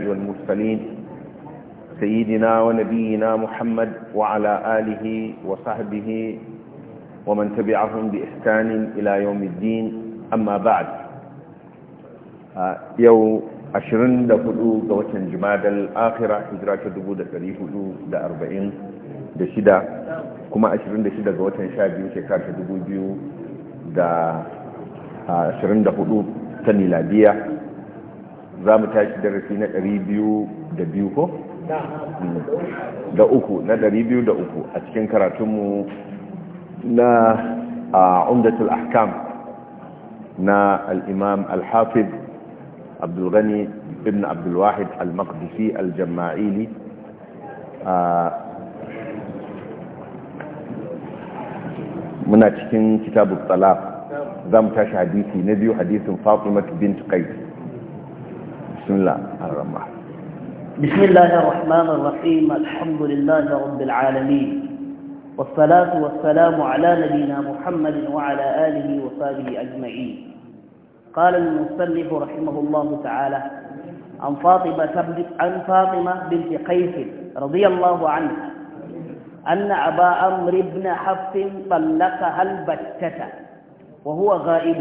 والمرسلين سيدنا ونبينا محمد وعلى آله وصحبه ومن تبعهم بإحسان إلى يوم الدين أما بعد يو أشرن دفلو دوة جماد الآخرة إجراك دبو دفليه دا أربعين كما shida kuma 26 ga watan 12 shekarar ta 2024 ta miladiya za mu tashi darasi na ɗari da biyu ko? da uku na ɗari a cikin karatunmu na umdatul ahkam na al'imam al hafid abdulghani ibn abdulwahid al-maqdisi al-jama'ili muna cikin kitabu tsala za mu tashi hadisi na biyu hadisin fatimatu bin tukai بسم الله الرحمن الرحيم بسم الله الرحمن الرحيم الحمد لله رب العالمين والصلاة والسلام على نبينا محمد وعلى آله وصحبه أجمعين قال المصنف رحمه الله تعالى عن فاطمة, عن فاطمة بنت قيس رضي الله عنه أن أبا عمرو بن حفص طلقها البتة وهو غائب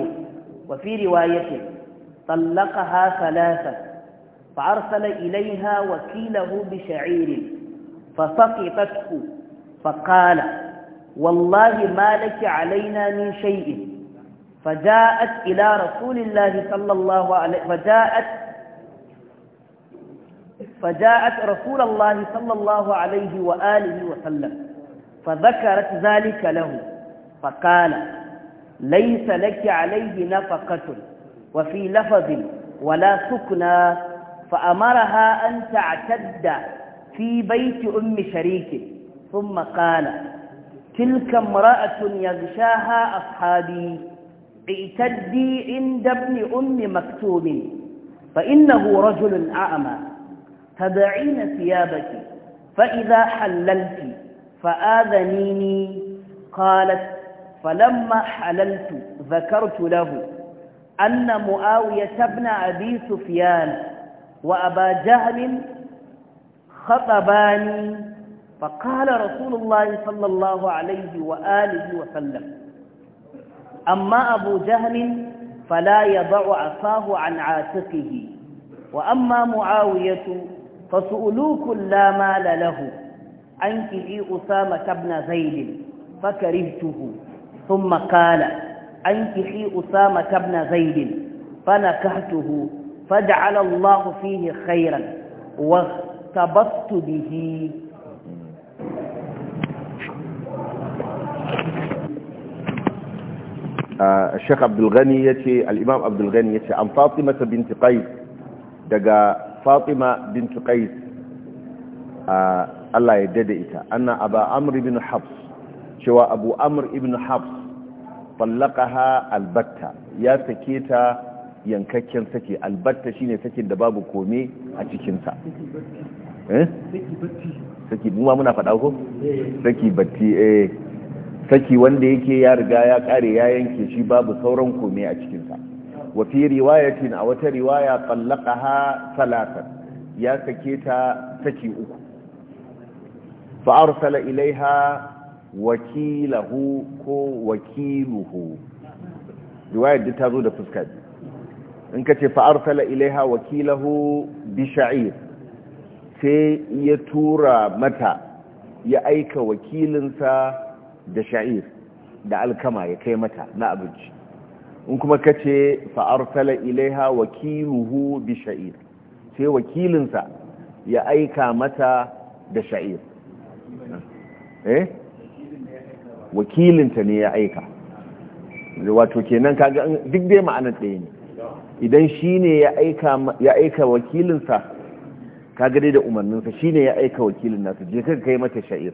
وفي رواية طلقها ثلاثة فأرسل إليها وكيله بشعير فسقطته فقال والله ما لك علينا من شيء فجاءت إلى رسول الله صلى الله عليه فجاءت فجاءت رسول الله صلى الله عليه وآله وسلم فذكرت ذلك له فقال ليس لك عليه نفقة وفي لفظ ولا سكنى فأمرها أن تعتد في بيت أم شريك ثم قال تلك امرأة يغشاها أصحابي اعتدي عند ابن أم مكتوم فإنه رجل أعمى تدعين ثيابك فإذا حللت فآذنيني قالت فلما حللت ذكرت له أن معاوية بن أبي سفيان وأبا جهل خطباني فقال رسول الله صلى الله عليه وآله وسلم أما أبو جهل فلا يضع عصاه عن عاتقه وأما معاوية فسؤلوك لا مال له أنكحي أسامة بن زيد فكرهته ثم قال أنكحي أسامة بن زيد فنكحته فجعل الله فيه خيرا واغتبطت به الشيخ عبد الغني يتي الامام عبد الغني يتي عن فاطمه بنت قيس دغا فاطمه بنت قيس الله ايتا ان ابا أمر بن حفص شوا ابو أمر بن حفص طلقها البتة يا سكيتا yankakken sake albatta ne sakin da babu kome a cikinsa eh? saki ma muna faɗa ko saki batti eh saki wanda yake ya riga ya kare ya yanke shi babu sauran kome a cikinsa wafi fi riwayatin a wata riwaya ha salatar ya sake ta saki uku fa arsala ilaiha wakilahu ko wakiluhu riwayar da ta zo da fuskaji in ka ce fa'arsala ilaiha wakilahu bisha'ir sai ya tura mata ya aika wakilinsa da sha'ir da alkama ya kai mata na abinci in kuma ka ce fa'arsala ilaiha wakiluhu bisha'ir sai wakilinsa ya aika mata da sha'ir eh wakilinta ne ya aika wato kenan kaga duk dai ma'anar ɗaya ne idan shi ne ya aika wakilinsa kagade da umarninsa shi ne ya aika wakilin nata je ka kai mata sha'ir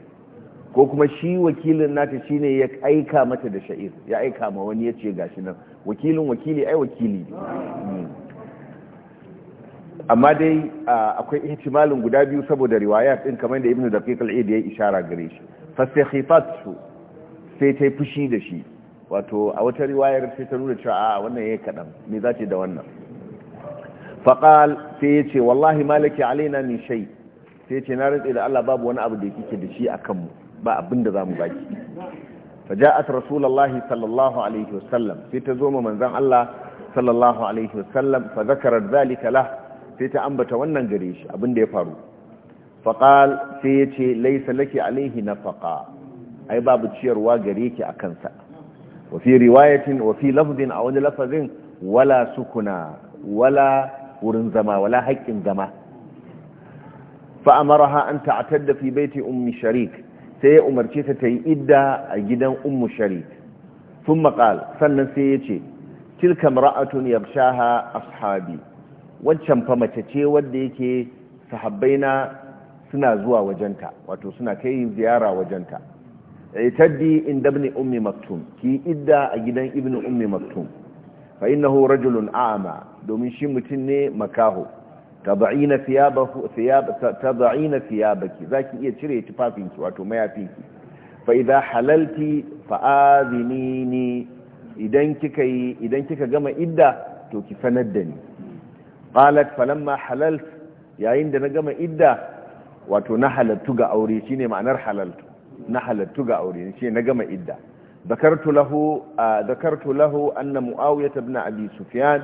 ko kuma shi wakilin nata shi ne ya aika mata da sha'ir ya aika ma wani ya ce gashi nan wakilin wakili ai wakili amma dai akwai ihtimalin guda biyu saboda riwaya din kamar da ibnu daqiq al-aid ya ishara gare shi fa sai khifat su sai ta fushi da shi wato a wata riwayar sai ta nuna cewa a wannan yayi kadan me zace da wannan faqal sai yace wallahi malaki alaina min shay sai yace na rantsa da Allah babu wani abu da kike da shi akan mu ba abin da zamu baki faja'at rasulullahi sallallahu alaihi wasallam sai ta zo ma manzon Allah sallallahu alaihi wasallam fa zakarat zalika lah sai ta ambata wannan gare shi abin da ya faru faqal sai yace laysa laki alaihi nafaqa ai babu ciyarwa gare ki akan sa wafi riwayatin wafi lafzin a wani lafazin wala sukuna wala wurin zama wala haƙƙin zama fa'amaraha an ta'atar da fi baiti ummi sharik sai ya umarci ta ta yi idda a gidan ummu sharik sun maƙal sannan sai ya ce tilka mara'atun yarshaha ashabi Wancan fa mace ce wanda yake sahabbaina suna zuwa wajenta wato suna kai ziyara wajenta itaddi inda ibn ummi maktum ki idda a gidan ibni ummi maktum fa innahu rajulun a'ma domin shi mutum ne makaho tab'ina thiyabahu thiyab tab'ina thiyabaki zaki iya cire tufafinki wato mayafinki fa halalti fa adhinini idan kika gama idda to ki sanar da ni qalat falamma halalt yayin da na gama idda wato na halattu ga aure shine ma'anar halaltu na halattu ga aure ce na gama idda zakartu lahu zakartu lahu anna muawiya ibn abi sufyan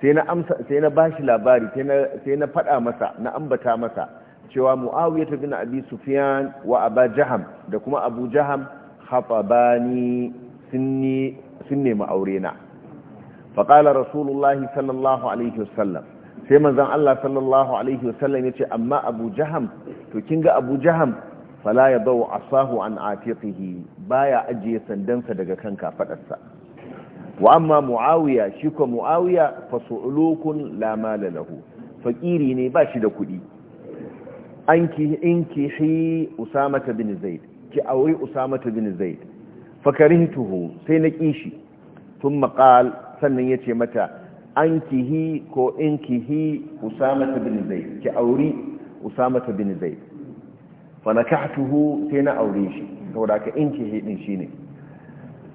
sai na amsa sai na bashi labari sai na sai na fada masa na ambata masa cewa muawiya ibn abi sufyan wa aba jaham da kuma abu jaham hafabani sunni sunne mu aure na fa qala rasulullah sallallahu alaihi wasallam sai manzon Allah sallallahu alaihi wasallam yace amma abu jaham to kinga abu jaham fala ya dau asahu an atiqihi baya ajiye sandansa daga kan kafadarsa wa amma muawiya shi ko muawiya fa su'ulukun la mala lahu fakiri ne ba shi da kuɗi anki inki shi usama bin zaid ki auri usama bin zaid fakarihtuhu sai na kishi tun qal sannan yace mata ankihi ko hi usama bin zaid ki auri usama bin zaid tuhu sai na aure shi saboda ka inkihi din shine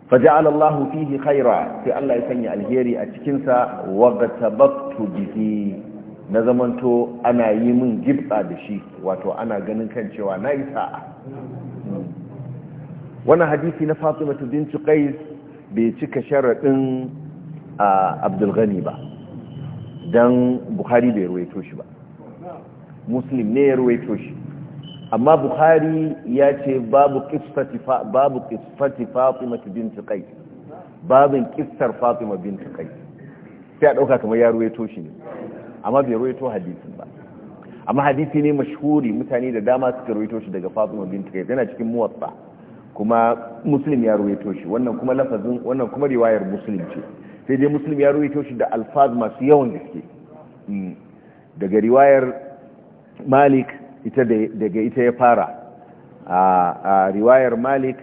faja'al Allah fihi khaira sai Allah ya sanya alheri a cikin sa wa gatabtu bihi na zamanto ana yi min gibsa da shi wato ana ganin kan cewa na yi sa'a wannan hadisi na Fatima binti Qais bai cika sharadin Abdul Ghani ba dan Bukhari bai ruwaito shi ba Muslim ne ya ruwaito shi amma bukhari ya ce babu qissati babu qissati fatima bint qais babin qissar fatima bint qais sai a dauka kamar ya ruwaito shi ne amma bai ruwaito hadisin ba amma hadisi ne mashhuri mutane da dama suka ruwaito shi daga fatima bint qais yana cikin muwatta kuma muslim ya ruwaito shi wannan kuma lafazin wannan kuma riwayar muslim ce sai dai muslim ya ruwaito shi da alfaz masu yawan gaske hmm. daga riwayar malik ita daga ita ya fara a riwayar malik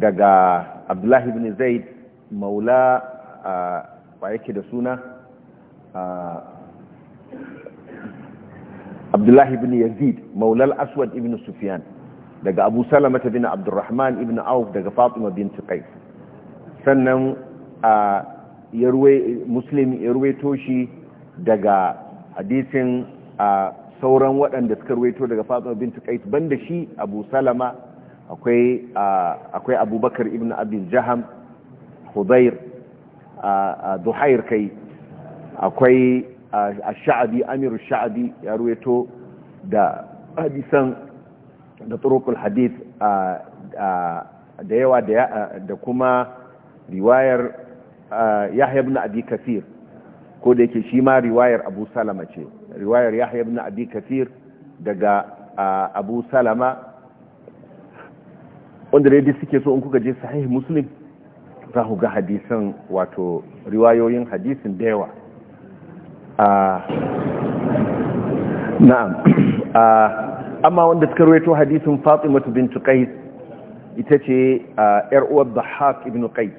daga abdullahi ibn zaid maula ba yake da suna abdullahi ibn yazid maulal aswad ibn sufyan daga abu salamata bin abdurrahman ibn auf daga fatima bin tukai sannan ya muslim ya ruwe toshi daga hadisin sauran waɗanda suka ruwaito daga fatima bintu ban da shi abu salama akwai abubakar ibn abin jaham a duhayar kai akwai a sha'abi amiru sha'bi ya ruwaito da hadisan da turukul hadith da yawa da kuma riwayar yahya ibn abi kasir ko da yake shi ma riwayar abu salama ce riwayar yahya na abi kathir daga abu salama wanda ne duk suke so in kuka je sahih muslim za ku ga hadisan wato riwayoyin hadisin da yawa na'am amma wanda suka rawaito hadisin fatimatu bint qais ita ce yar uwar dhahhak ibn qais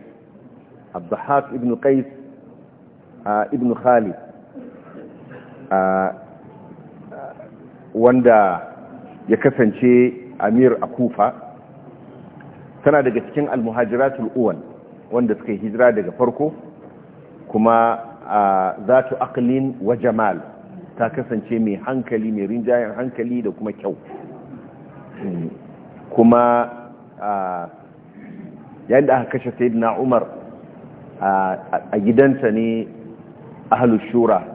abdahhak ibn qais ibn khalid wanda ya kasance amir a kufa tana daga cikin almuhajiratul uwan wanda suka hijira daga farko kuma a zatu aqlin wa jamal ta kasance mai hankali mai rinjayen hankali da kuma kyau kuma yayin da aka kashe sayyidina umar a gidanta ne ahlus shura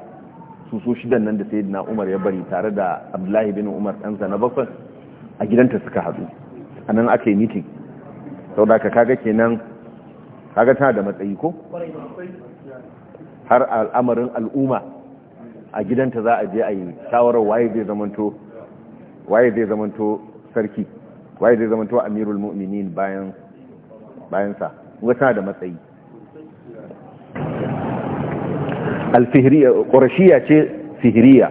su so shidan nan da sayyidina Umar ya bari tare da Abdullahi bin Umar ɗansa na bakwai a gidanta suka haɗu a nan aka yi mitin da ka kaga kenan kaga tana da matsayi ko har al'amarin al'umma a gidanta za a je a yi shawarar waye zai zamanto sarki waye zai zamanto amirul mu'minin bayan bayan sa tana da matsayi ƙorashiya ce fihriya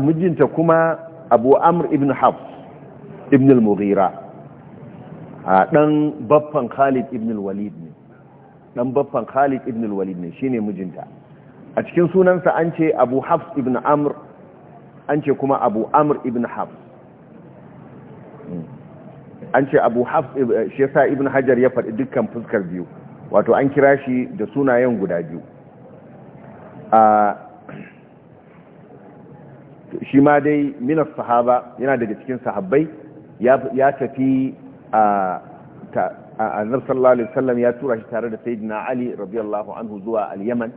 mijinta kuma abu amur ibn haf ibn al-mughira dan baffan khalid ibn al-walid ne dan baffan khalid ibn al-walid ne shine mijinta a cikin sunansa an ce abu haf ibn amr an ce kuma abu amur ibn haf an ce abu haf eh, shi sa ibn hajar ya faɗi dukkan fuskar biyu wato an kira shi da sunayen guda biyu shi ma dai minas sahaba yana daga cikin sahabbai ya tafi a annar sallallahu alaihi ya tura shi tare da sayyidina ali radiyallahu anhu zuwa al-yaman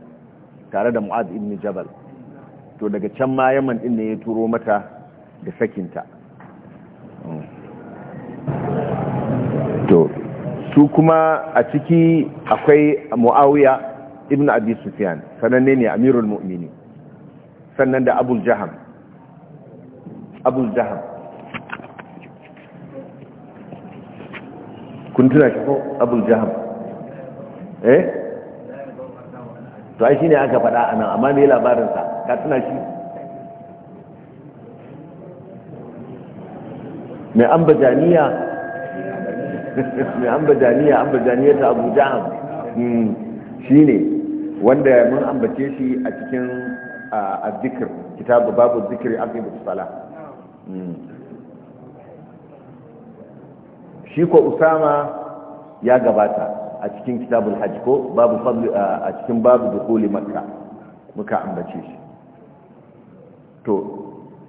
tare da mu'ad ibn jabal to daga can ma yaman din ne ya turo mata da sakinta su kuma a ciki akwai muawiya ibn abi sufyan sananne ne amirul mu'mini sannan da abul jaham abul jaham kun tuna shi ko abul jaham eh to shi shine aka faɗa anan amma me labarin sa ka tuna shi mai ambajaniya mai ambajaniya ambajaniya ta abu jaham hmm. shi ne wanda mun ambace shi a cikin azikir kitabu babu zikiri aqibu sala hmm. shi ko usama ya gabata a cikin kitabu Alhaji ko babu fadli a cikin babu dukuli makka muka ambace shi to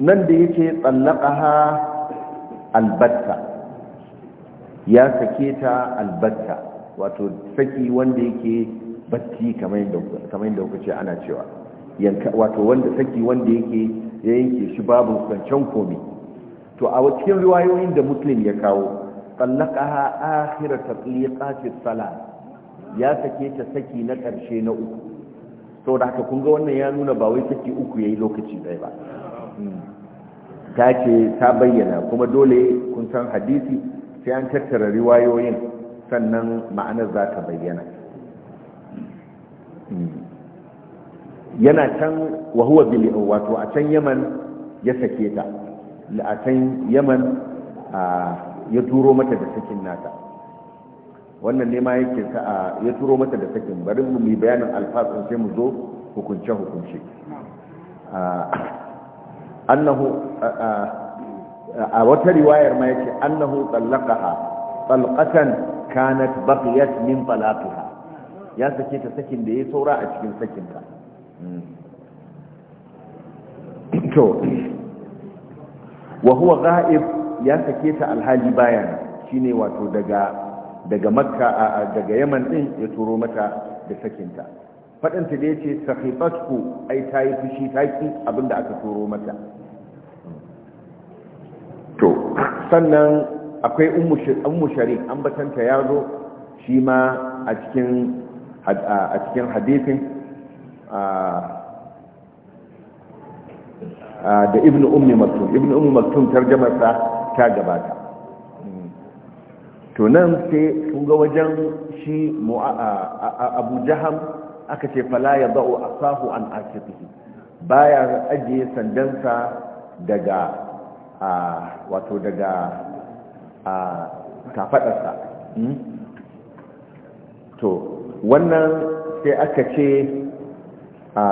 nan da yake ha albatta ya sake ta albatta wato saki wanda yake batti kamar yadda kuka ce ana cewa wato wanda saki wanda yake ya yanke shi babu kancan komi to a cikin riwayoyin da muslim ya kawo tsallaka ta akhira tatliqati tsala ya sake ta saki na ƙarshe na uku Sau da haka kun ga wannan ya nuna ba wai saki uku ya yi lokaci ɗaya ba hmm. ta ce ta bayyana kuma dole kun san hadisi sai an tattara riwayoyin sannan ma'anar za ta bayyana yana can wahuwa bili wato a can yaman ya sake ta a can yaman ya turo mata da sakin nata wannan ne ma yake ya turo mata da sakin bari mu mai bayanin alfasun sai mu zo hukunce-hukunce annahu a wata riwayar ma yake annahu ha talqatan kanat baqiyat min talaqiha ya sake ta sakin da ya saura a cikin sakin ta hmm. to wa huwa ghaib ya sake ta alhali bayan shine wato daga daga makka daga yaman din ya turo mata da sakinta faɗinta da yace ce sahifatku ai ta yi fushi taki abinda aka turo mata to sannan akwai ummu shari an batanta ya zo shi ma a cikin a cikin da Ibn ummi maktum Ibn ummi maktum tarjamarsa ta gabata to nan sai sun ga wajen shi abu jaham aka ce fala ya a asahu an akifihi baya ajiye sandansa daga wato daga kafadarsa hmm? to wannan sai aka ce a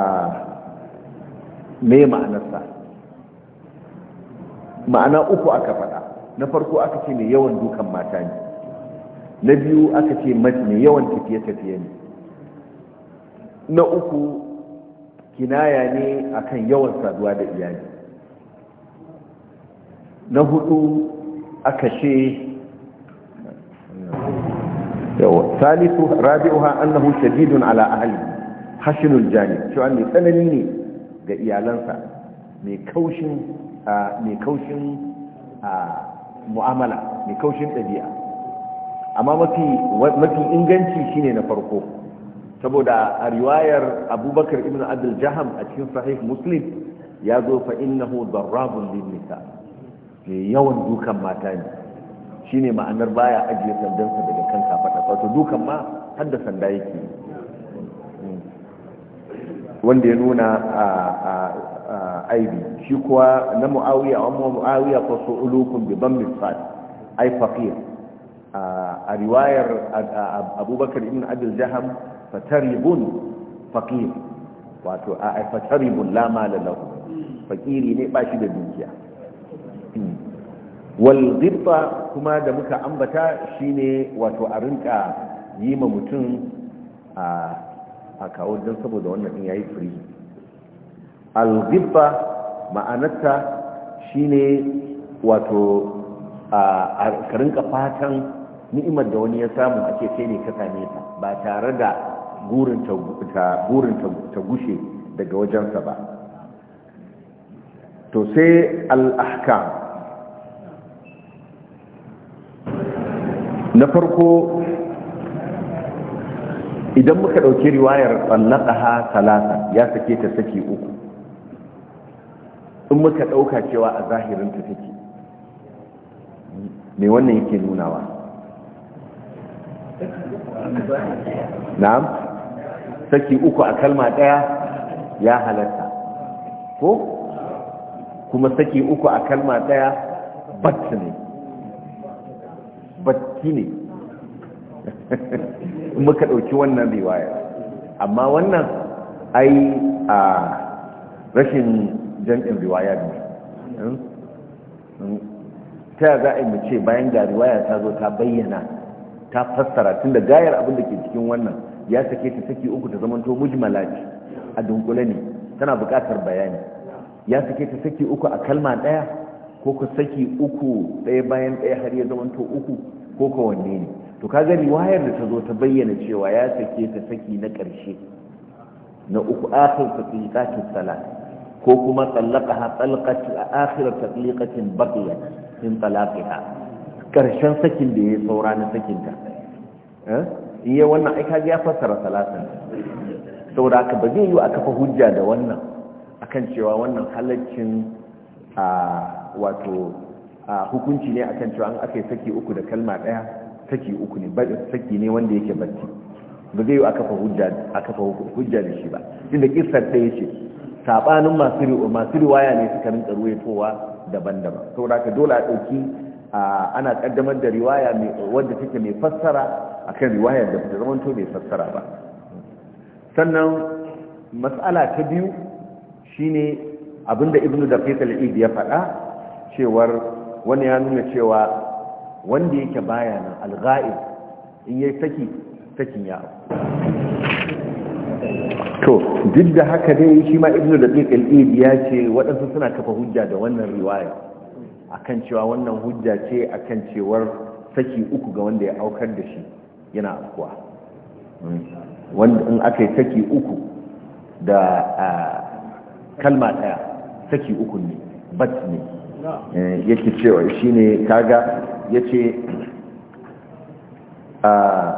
me ma'anarsa ma'ana uku aka faɗa na farko aka ce mai yawan dukan mata ne na biyu aka ce mai yawan tafiye-tafiye ne na uku kinaya ne akan yawan saduwa da iyali na hudu aka ce yawa salisu rabi'uha annahu shadidun ala ahli hashinul jani cewa mai tsanani ne ga iyalansa mai kaushin mai kaushin mu'amala mai kaushin ɗabi'a amma mafi inganci shine na farko saboda a riwayar abubakar ibn abdul jaham a cikin sahih muslim ya zo fa innahu darrabun lin nisa mai yawan dukan mata ne shine ma'anar baya ajiye sandansa daga kan kafaɗa wato dukan ma har da sanda yake wanda ya nuna a aibi shi kuwa na mu'awiya wa mu'awiya su ulukun bi ban misfat ai fakir a riwayar abubakar ibn abdul jaham fataribun fakir wato a fataribun la mala fakiri ne ba shi da dukiya wal kuma da muka ambata shine wato a rinka yi ma mutum a kawo don saboda wannan din yayi firi al ghibba ma'anarta shine wato a karinka fatan ni'imar da wani ya samu ake kai ne ka same ta ba tare da gurin ta gushe daga wajensa ba to sai al'ahkam na farko idan muka ɗauki riwayar ha talata ya sake ta saki uku in muka ɗauka cewa a zahirinta take me wannan yake nunawa na'am saki uku a kalma ɗaya ya halatta ko kuma saki uku a kalma daya batti ne batti ne muka ɗauki wannan riwaya amma wannan ai a rashin jam'in riwaya ne hmm? Hmm? ta za a yi mace bayan ga riwaya ta zo ta bayyana ta fassara tun da gayar abin da ke cikin wannan ya sake ta saki uku ta zamanto mujmala ce a dunkule ne tana bukatar bayani ya sake ta saki uku a kalma ɗaya ko ka saki uku ɗaya bayan ɗaya har ya zamanto uku ko ka wanne ne to ka gani wayar da ta zo ta bayyana cewa ya sake ta saki na ƙarshe na uku akhir taqiqatis salat ko kuma tsallaqaha tsalqatu akhir taqiqatin baqiya min talaqiha karshen sakin da ya saura na sakinta eh in yi wannan ai kaga ya fassara salatin saboda haka ba zai yi aka fa hujja da wannan akan cewa wannan halaccin wato hukunci ne akan cewa an aka saki uku da kalma daya saki uku ne ba saki ne wanda yake bacci ba zai yi aka fa hujja da shi ba inda kissar ɗaya ce saɓanin masu riwaya ne suka rinka ruwaitowa daban-daban saboda dole a ɗauki ana kaddamar da riwaya wanda take mai fassara akan riwayar da ta zamanto mai fassara ba sannan mas'ala ta biyu shine abinda ibnu da al-id ya faɗa cewar wani ya nuna cewa wanda yake baya nan al in yi saki sakin ya to duk da haka dai shi ma ibnu da al-id ya ce waɗansu suna kafa hujja da wannan riwaya akan cewa wannan hujja ce akan cewar saki uku ga wanda ya aukar da shi yana afkuwa wanda in aka yi saki uku da ah, kalma ɗaya saki uku ne bat ne eh, yake cewa shi ne kaga ya ce ah,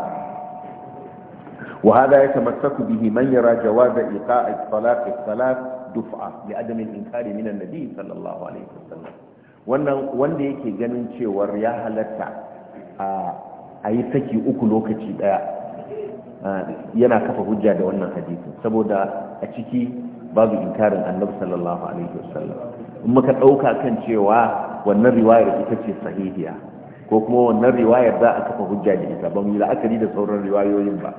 wa hada ya tamassaku bihi man yara jawaza iqa'i salat salat dufa li adam al-inkari min an-nabi sallallahu alaihi wasallam wannan wanda yake ganin cewa ya halarta a ayi saki uku lokaci ɗaya yana kafa hujja da wannan hadisi saboda a ciki babu inkarin annabi sallallahu alaihi wasallam in muka dauka kan cewa wannan riwayar ita ce sahihiya ko kuma wannan riwayar za a kafa hujja da ita ba mu yi la'akari da sauran riwayoyin ba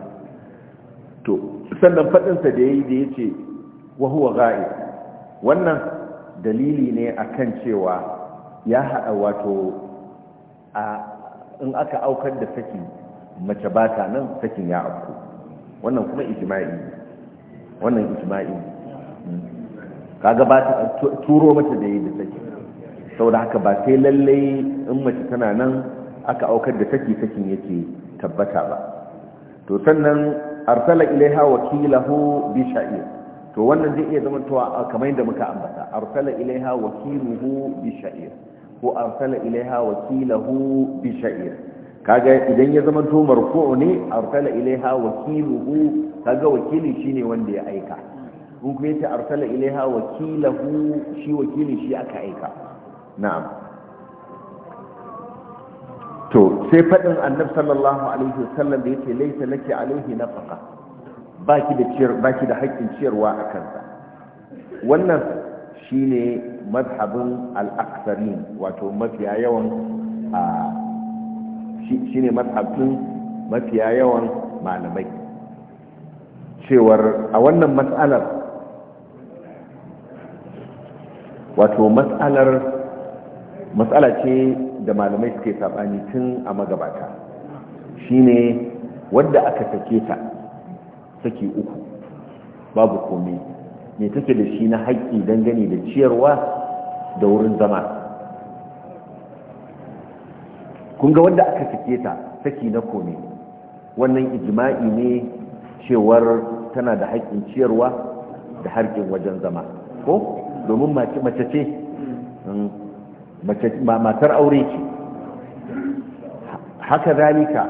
to sannan sa da yayi da yace wa huwa ghaib wannan dalili ne akan cewa ya hada wato a in aka aukar da saki mace ba ta nan sakin ya afku wannan kuma ijma'i wannan ijma'i kaga ba ta turo mata da yi da take da haka ba sai lallai in mace tana nan aka aukar da take sakin yake tabbata ba to sannan arsala ilaiha wakilahu bi sha'ir to wannan zai iya zama to kamar yadda muka ambata arsala ilaiha wakiluhu bi sha'ir ko arsala ilaiha wakilahu bi sha'ir kaga idan ya zama to marfu ne arsala ilaiha wakiluhu kaga wakili shine wanda ya aika ko kuma yace arsala ilaiha wakilahu shi wakilin shi aka aika na'am to sai fadin annab sallallahu alaihi wasallam da yace laysa laki alaihi nafaqa baki da ciyar baki da haƙƙin ciyarwa a kansa wannan shine madhabin al-aktharin wato mafiya yawan shine madhabin mafiya yawan malamai cewar a wannan matsalar wato matsalar matsala ce da malamai suke saɓani tun a magabata shine wadda aka sake ta saki uku babu komai me take da shi na haƙƙi dangane da ciyarwa da wurin zama kun wadda aka sake ta saki na komai wannan ijma'i ne cewar tana da haƙƙin ciyarwa da harkin wajen zama ko domin mace ce mm. matar aure ce haka zalika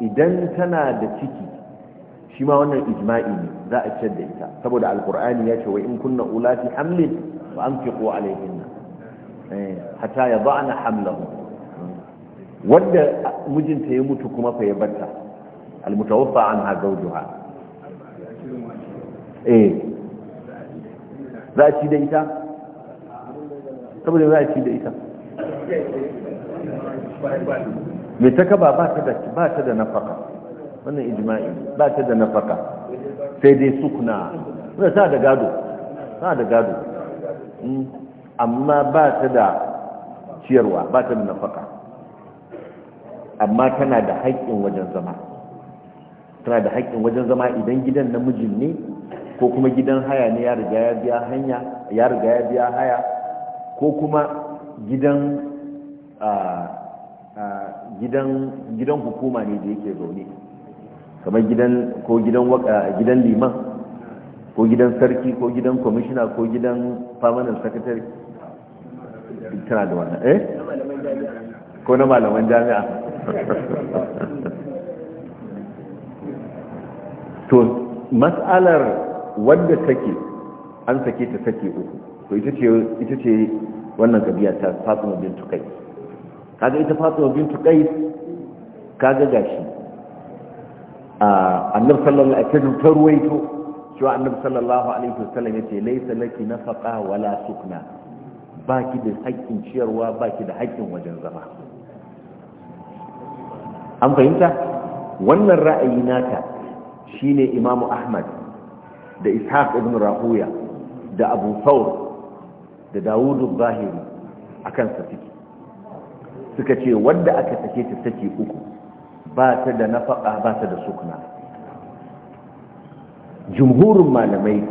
idan tana da ciki shi ma wannan ijma'i ne za a ciyar da ita saboda alkur'ani ya ce wa in kunna ulati hamlin fa anfiqu alayhinna eh, hatta ana hamlahu Wadda mijinta ya mutu kuma fa ya barta almutawaffa anha zawjuha eh za a ci da ita saboda za a ci da ita mai ta kaba ba ta da nafaka wannan ijma'i ba ta da nafaka sai dai sukuna wadda ta da gado ta da gado hmm, amma ba ta da ciyarwa ba ta da nafaka amma tana da haƙƙin wajen zama tana da haƙƙin wajen zama idan gidan namijin ne ko kuma gidan haya ne ya riga ya biya hanya ya riga ya biya haya ko kuma gidan gidan gidan hukuma ne da yake zaune kamar gidan ko gidan gidan liman ko gidan sarki ko gidan kwamishina ko gidan permanent secretary tana da wannan eh ko na malaman jami'a to mas'alar wadda take an sake ta sake uku to ita ce wannan kabiya ta fatima bin tukai kaga ita fatima bin tukai kaga gashi A annab sallallahu alaihi wasallam ta ruwaito cewa annab sallallahu alaihi wasallam yace laysa laki nafaqa wala sukna baki da haƙƙin ciyarwa baki da haƙƙin wajen zama an fahimta wannan ra'ayi nata shine imamu ahmad da ishaq ibn rahuya da abu thawr da dawudu zahiri akan sa suke suka ce wanda aka sake ta sake uku ba ta da nafaka ba ta da sukna jumhurin malamai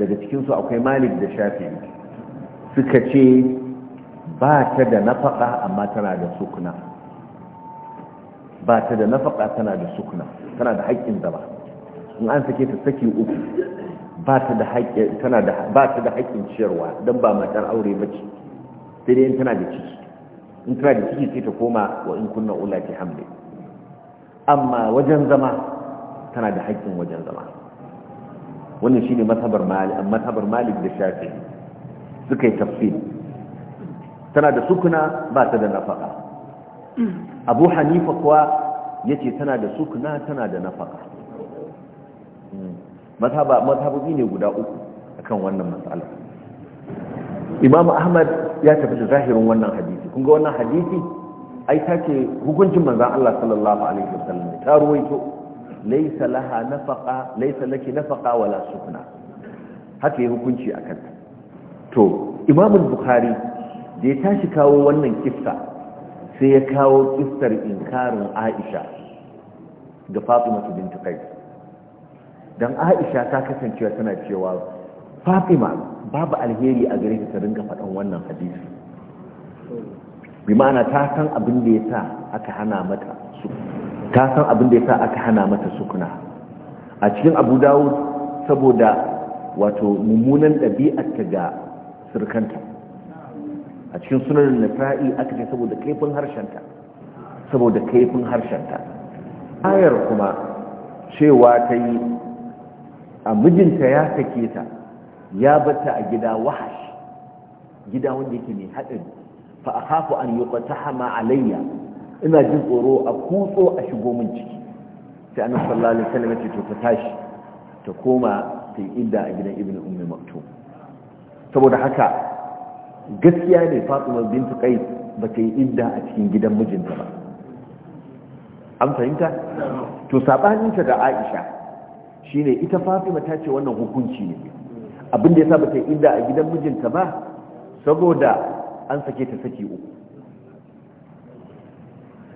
daga cikinsu akwai malik da shafi suka ce ba ta da nafaka amma tana da sukna ba ta da nafaka tana da sukna tana da haƙƙin zaba in an sake ta saki uku ba ta da haƙƙin ciyarwa don ba matar aure ba ce sai dai tana da ciki in tana da ciki sai ta koma wa in kunna ula ke hamle amma wajen zama tana da haƙƙin wajen zama wannan shine mazhabar malik malik da shafi suka yi tafsir tana da sukuna ba ta da nafaka mm. abu hanifa kuwa ce tana da sukuna tana da nafaka mazhabobi ne guda uku akan wannan matsala imam ahmad ya tafi da zahirin wannan hadisi kun wannan hadisi ai ta ce hukuncin manzan Allah sallallahu alaihi wasallam ta ruwaito laisa laha laki faƙa wala sukuna. haka ya hukunci a kanta. to imam bukhari da ya tashi kawo wannan kista sai ya kawo kistar inkarin Aisha ga Fatima bintu kai. don aisha ta kasancewa tana cewa fatima babu alheri a gare ta ringa faɗan wannan hadisi bi ma'ana ta san abin da ya sa aka hana mata su ta san abin da ya sa aka hana mata sukuna a cikin abu dawud saboda wato mummunan ɗabi'arta ga surkanta a cikin sunan nasa'i aka ce saboda kaifin harshenta saboda kaifin harshenta ayar kuma cewa ta yi a mijinta ya sake ta ya bata a gida wahash gida wanda yake mai haɗin, fa akhafu an ma alayya ina jin tsoro a kutso a shigo min ciki sai annabi sallallahu alaihi wasallam ce to ta tashi ta koma ta yi idda a gidan ibnu ummi maktum saboda haka gaskiya ne fatima bintu qais ba ta yi idda a cikin gidan mijinta ba an fahimta to sabaninta da aisha Shi ne ita fatima ta ce wannan hukunci ne abinda ya yasa inda a gidan mijinta ba saboda an sake ta saki uku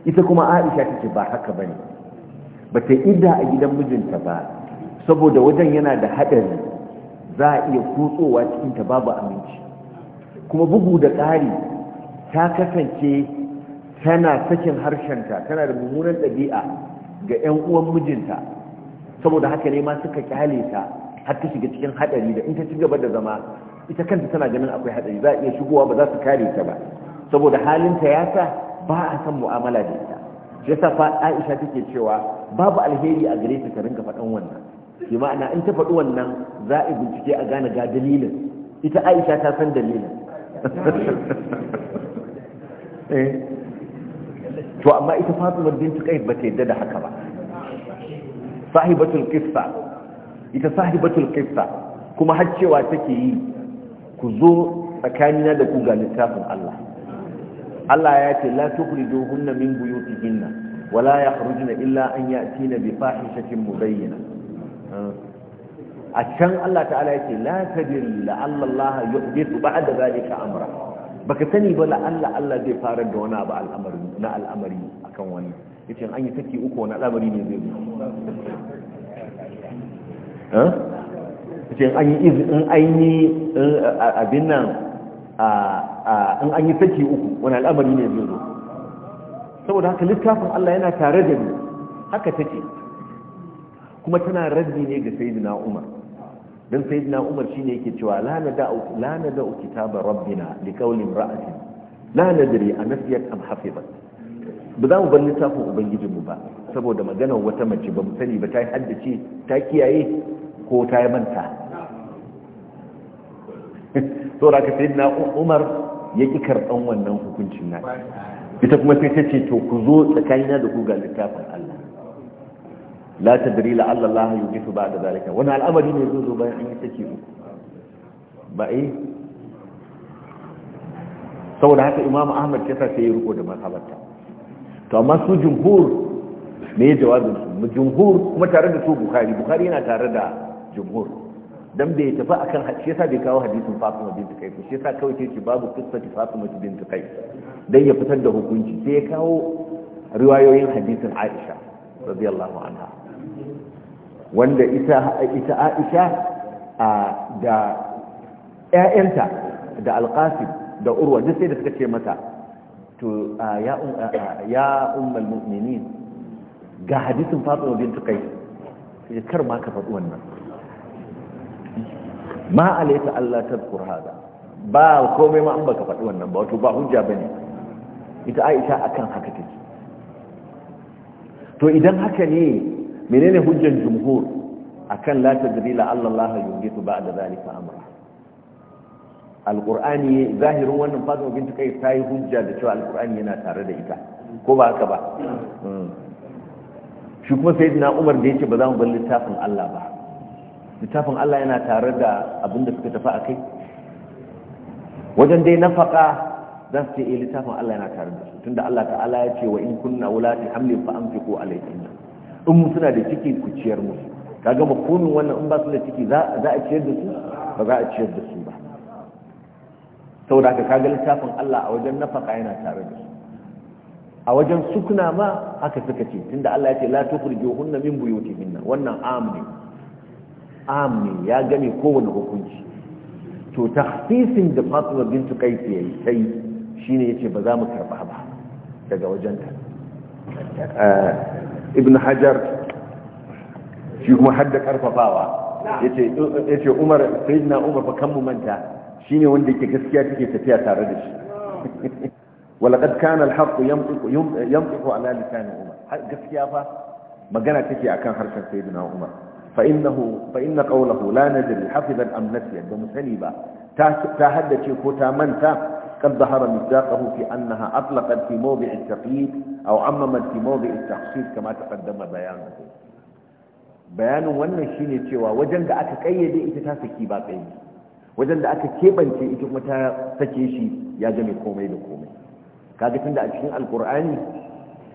ita kuma Aisha ta ce ba haka ba ne. ba ta idda a gidan mijinta ba saboda wajen yana da haɗari, za a iya kutsowa cikin babu aminci kuma bugu da ƙari ta kasance tana sakin harshenta tana da mummunan ɗabi'a ga 'yan uwan mijinta saboda haka ne ma suka kyale ta har ta shiga cikin hadari da in ta ci gaba da zama ita kanta tana ganin akwai hadari za a iya shigowa ba za su kare ta ba saboda ta ya sa ba a san mu'amala da ita shi yasa fa Aisha take cewa babu alheri a gare ta ka ringa faɗan wannan bi ma'ana in ta faɗi wannan za a bincike a gane ga dalilin ita Aisha ta san dalilin eh. to amma ita Fatima bintu Qais ba ta yadda da haka ba sahibatul qissa ita sahibatul qissa kuma har cewa take yi ku zo tsakanina da ku ga littafin Allah Allah ya ce la tukhrijuhunna min buyutihinna wala yakhrujna illa an ya'tina bi fahishatin mubayyana a can Allah ta'ala ya ce la tadri la Allah yuhdithu ba'da zalika amra baka sani ba la Allah Allah zai fara da wani abu al'amari na al'amari akan wannan yace an yi saki uku wani al'amari ne zai zo an yi in an yi abin nan in an yi saki uku wani al'amari ne zai zo saboda haka littafin Allah yana tare da ni haka take kuma tana raddi ne ga sayyidina Umar dan sayyidina Umar shine yake cewa la nada'u la nada'u kitaba rabbina liqawlin ra'atin la nadri anasiyat am hafizat ba za mu bar littafin ubangijinmu ba saboda magana wata mace ba mu sani ba ta yi haddace ta kiyaye ko ta yi manta to da ka sayi umar ya ƙi karɓan wannan hukuncin na ita kuma sai ta ce to ku zo tsakanina da ku ga littafin Allah la tadri la Allah la yujisu ba da zalika wani al'amari ne zo bayan an yi take ba eh saboda haka imamu ahmad ya sa sai ya riko da masabarta to amma su jumhur me ya jawabin su jumhur kuma tare da su bukhari bukhari yana tare da jumhur dan bai tafi akan shi yasa bai kawo hadisin Fatima bin Qais shi yasa kawai sai ce babu qissati Fatima bin kai. dan ya fitar da hukunci sai ya kawo riwayoyin hadisin Aisha radiyallahu anha wanda ita ita Aisha da ƴaƴanta da al da Urwa duk sai da suka ce mata to ya um, ummal mu'minin ga hadisin fatima bintu kai kar ma ka faɗi wannan ma alayka Allah ta tadhkur haɗa. ba komai ma an baka faɗi wannan ba wato ba hujja ba ne. ita Aisha akan haka take to idan haka ne menene hujjan jumhur akan la tadri la Allah Allah yungitu ba'da zalika amr alkur'ani zahirin wannan fatima bintu kai ta yi hujja da cewa alkur'ani yana tare da ita ko ba haka ba hmm. shi kuma sai na umar da ya ce ba za mu bar littafin allah ba littafin allah yana tare da abin da suka tafi a kai wajen dai nafaka za su ce eh littafin allah yana tare da su tunda allah ta'ala ya ce wa in kunna wulati hamlin fa amfiqu alayhinna in mu suna da ciki ku ciyar musu kaga makonin wannan in ba su da ciki za a ciyar da su ba za a ciyar da su ba da ka kaga littafin Allah a wajen nafaka yana tare da su a wajen sukuna ma haka suka ce tunda Allah ya ce la na min buyutihinna wannan am ne am ne ya game kowane hukunci to takhsisin da Fatima bintu Qais yayi sai ya ce ba za mu karba ba daga ta. Eh, ibn Hajar shi kuma hadda karfafawa yace yace Umar sayyidina Umar fa kan mu manta Shi ne wanda yake gaskiya take tafiya tare da shi walaqad kana al-haqq yamtiqu yamtiqu ala lisan umar gaskiya fa magana take akan harshen sayyidina umar fa innahu fa inna qawluhu la nadri hafizan am nasiya da musani ba ta haddace ko ta manta Kan zahara, قد ظهر مصداقه في أنها أطلقت في موضع التقييد أو عممت في موضع التخصيص كما تقدم بيانه Bayanin wannan shine cewa wajen da aka kayyade ita ta saki ba kai wajen da aka keɓance ita kuma ta sake shi ya game komai da komai kaga tunda a cikin alkur'ani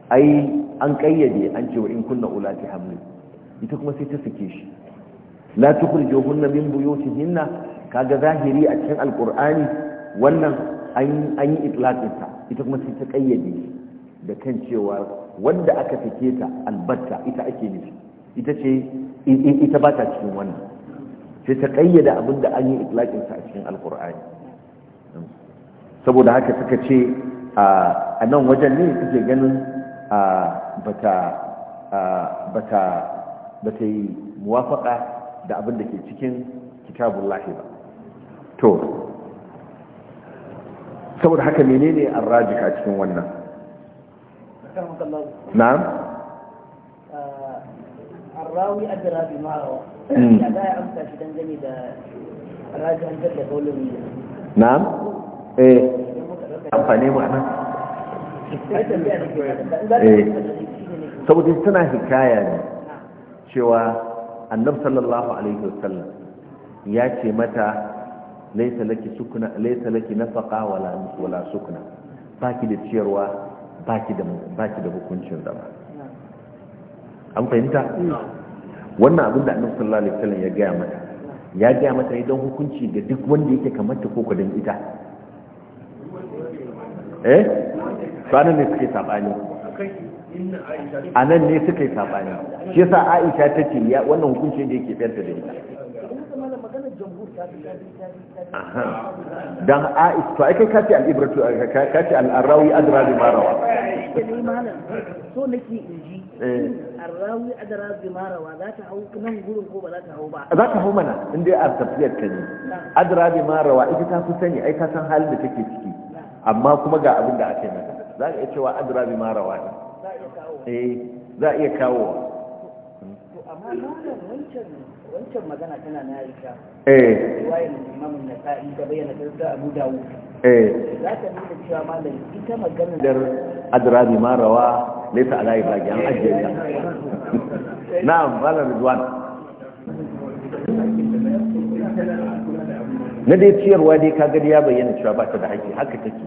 ai an kayyade an cewa in kunna ulati hamli ita kuma sai ta sake shi la tukhrijuhunna min buyutihinna kaga zahiri a cikin alkur'ani wannan an an yi itlaqin ta ita kuma sai ta kayyade da kan cewa wanda aka sake ta albatta ita ake nufi ita ce ita ba ta cikin wannan sai ta kayyada abin da an yi itlaqin sa a cikin alqur'ani saboda haka suka ce a nan wajen ne suke ganin bata bata bata yi muwafaka da abin da ke cikin kitabullahi ba to saboda haka menene arrajika cikin wannan na'am الراوي rawi بما روى da hmm. baya amsa shi dangane da da na'am eh amfani ma'ana eh saboda suna hikaya ne cewa annabi sallallahu alaihi wasallam ya ce mata laisa laki sukuna laisa laki nafaqa wala wala sukuna baki da ciyarwa baki da baki da hukuncin zama an fahimta wannan abin da annabi sallallahu alaihi wasallam ya gaya mata ya gaya mata ne don hukunci ga duk wanda yake kamar ta koko don ita eh sanan ne suke sabani a nan ne suka yi sabani shi yasa aisha ta ce ya wannan hukunci da yake fiyarta da ita dan aisha to ai kai kace al-ibratu kace al-rawi adra bi marawa so nake inji eh. arrawi adara bima za ta hau nan gurin ko ba za ta hau ba za ta hau mana in dai a tafiyar ne adara bima rawa ita ta fi sani ai ta san halin da take ciki amma kuma ga abin da aka yi mata za ka iya cewa adara bima rawa ne eh za a iya kawo amma wannan wancan wancan magana tana na aisha eh riwayar imamun nasa'i da bayyana ta abu dawud eh za ta nuna cewa malam ita maganar da adarabi marawa. laysa alai baki an ajiye ta na'am bala ridwan na dai ciyarwa dai ka gani ya bayyana cewa ba ta da haƙƙi haka take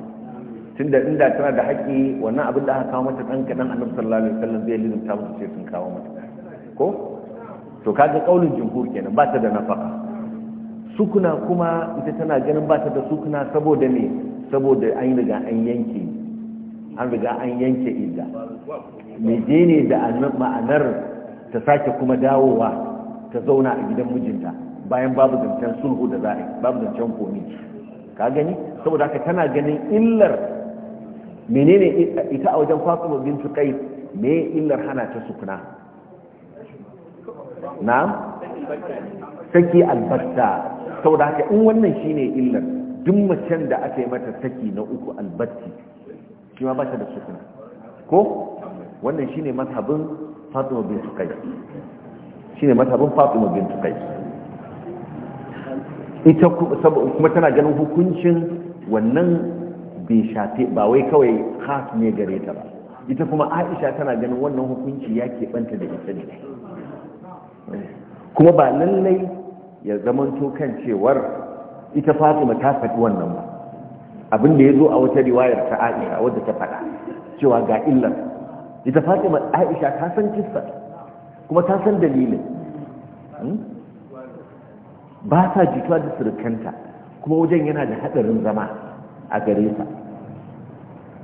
tunda inda tana da haƙƙi wannan abin da aka kawo mata ɗan kaɗan annabi sallallahu alaihi wasallam zai ta mutu sai sun kawo mata ko to kaga kaulin jumhur kenan ba ta da nafaka sukuna kuma ita tana ganin ba ta da sukuna saboda me saboda an riga an yanke an riga an yanke idda ne da ma'anar ta sake kuma dawowa ta zauna a gidan mijinta bayan babu zancen sulhu da zai babu zancen komi ka gani saboda haka tana ganin illar menene ita a wajen fatima bintu kai me illar hana ta sukuna na saki albatta saboda haka in wannan shine illar duk macen da aka yi mata saki na uku albatti shi ma ba ta da sukun ko wannan shine mazhabin Fatima bin Tukai shine mazhabin Fatima bin Tukai ita kuma tana ganin hukuncin wannan bai shafe ba wai kawai khas ne gare ta ba ita kuma Aisha tana ganin wannan hukunci ya keɓanta da ita ne kuma ba lallai ya zamanto kan cewar ita Fatima ta faɗi wannan ba abin da ya zo a wata riwayar ta aisha wadda ta faɗa cewa ga illar ita fatima aisha ta san kissa kuma ta san dalilin hmm? ba ta jituwa da surukanta kuma wajen yana da haɗarin zama a gare ta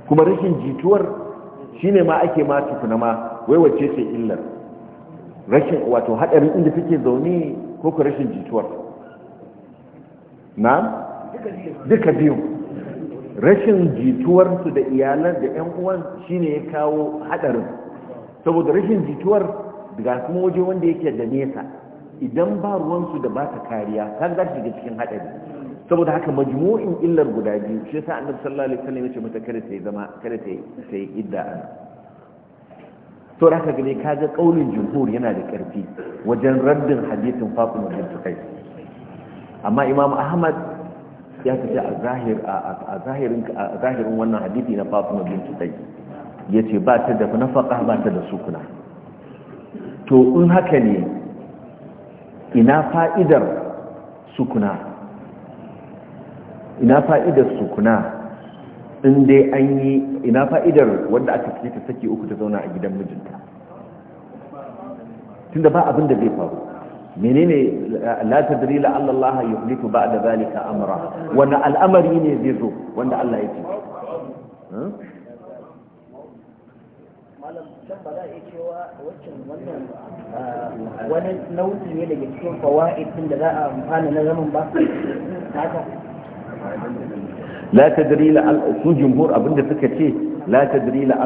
kuma rashin jituwar shine ma ake ma tukuna ma wai wacce ce illar rashin wato haɗarin inda take zaune ko ku rashin jituwar na duka biyu rashin jituwarsu da iyalan da yan uwan shine ya kawo hadarin saboda rashin jituwar ga kuma waje wanda yake da nesa idan ba ruwansu da ba ta kariya kan za shiga cikin hadari saboda haka majmu'in illar guda biyu shi yasa annabi sallallahu alaihi wasallam ya ce mata kada ta zama kada ta yi idda an to da gane kaga kaulin jumhur yana da karfi wajen raddin hadisin fatima bint qais amma imam ahmad ya fita a zahirin wannan hadithi na fatima bint tutai ya ce ba ta da nafaka ba ta da sukuna to in haka ne ina fa'idar sukuna ina fa'idar sukuna in dai an yi ina fa'idar wanda aka ce ta sake uku ta zauna a gidan mijinta tunda ba abin da zai faru menene la tadri la Allah yuhliku ba'da zalika amra wanda al'amari ne zai zo wanda Allah ya ce hmm? ah, wani nau'i ne daga cikin fawa'id din da za a amfana na zaman ba haka la tadri su jumhur abinda suka ce la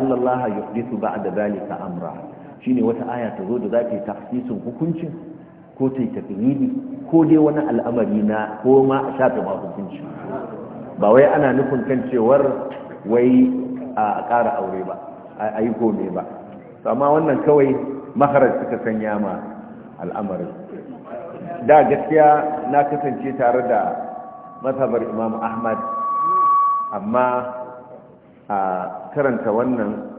la amra shine wata aya ta zo da za ta yi hukuncin ko ta yi tafiyi ko dai wani al'amari na ko ma a shafe ma hukunci ba wai ana nufin kan cewar wai a ƙara aure ba a yi kome ba amma wannan kawai maharar suka sanya ma al'amarin da gaskiya na kasance tare da mazhabar imam ahmad amma a karanta wannan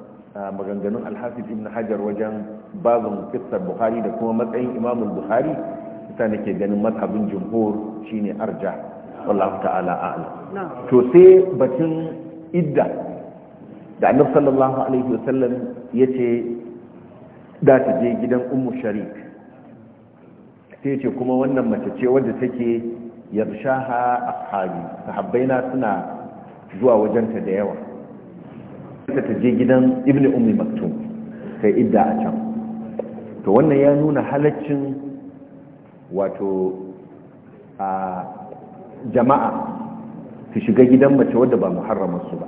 maganganun alhafiz ibn hajar wajen babin kissar buhari da kuma matsayin imamul buhari ita nake ganin mazhabin jumhur shine arja wallahu ta'ala a'ala to sai batun idda da annabi sallallahu alaihi wasallam yace da ta je gidan ummu sharik sai ce kuma wannan mace ce wadda take yarshaha ashabi sahabbaina suna zuwa wajenta da yawa ta je gidan ibnu ummi maktum sai idda a can to wannan ya nuna halaccin wato a jama'a su shiga gidan mace wadda ba mu haramarsu ba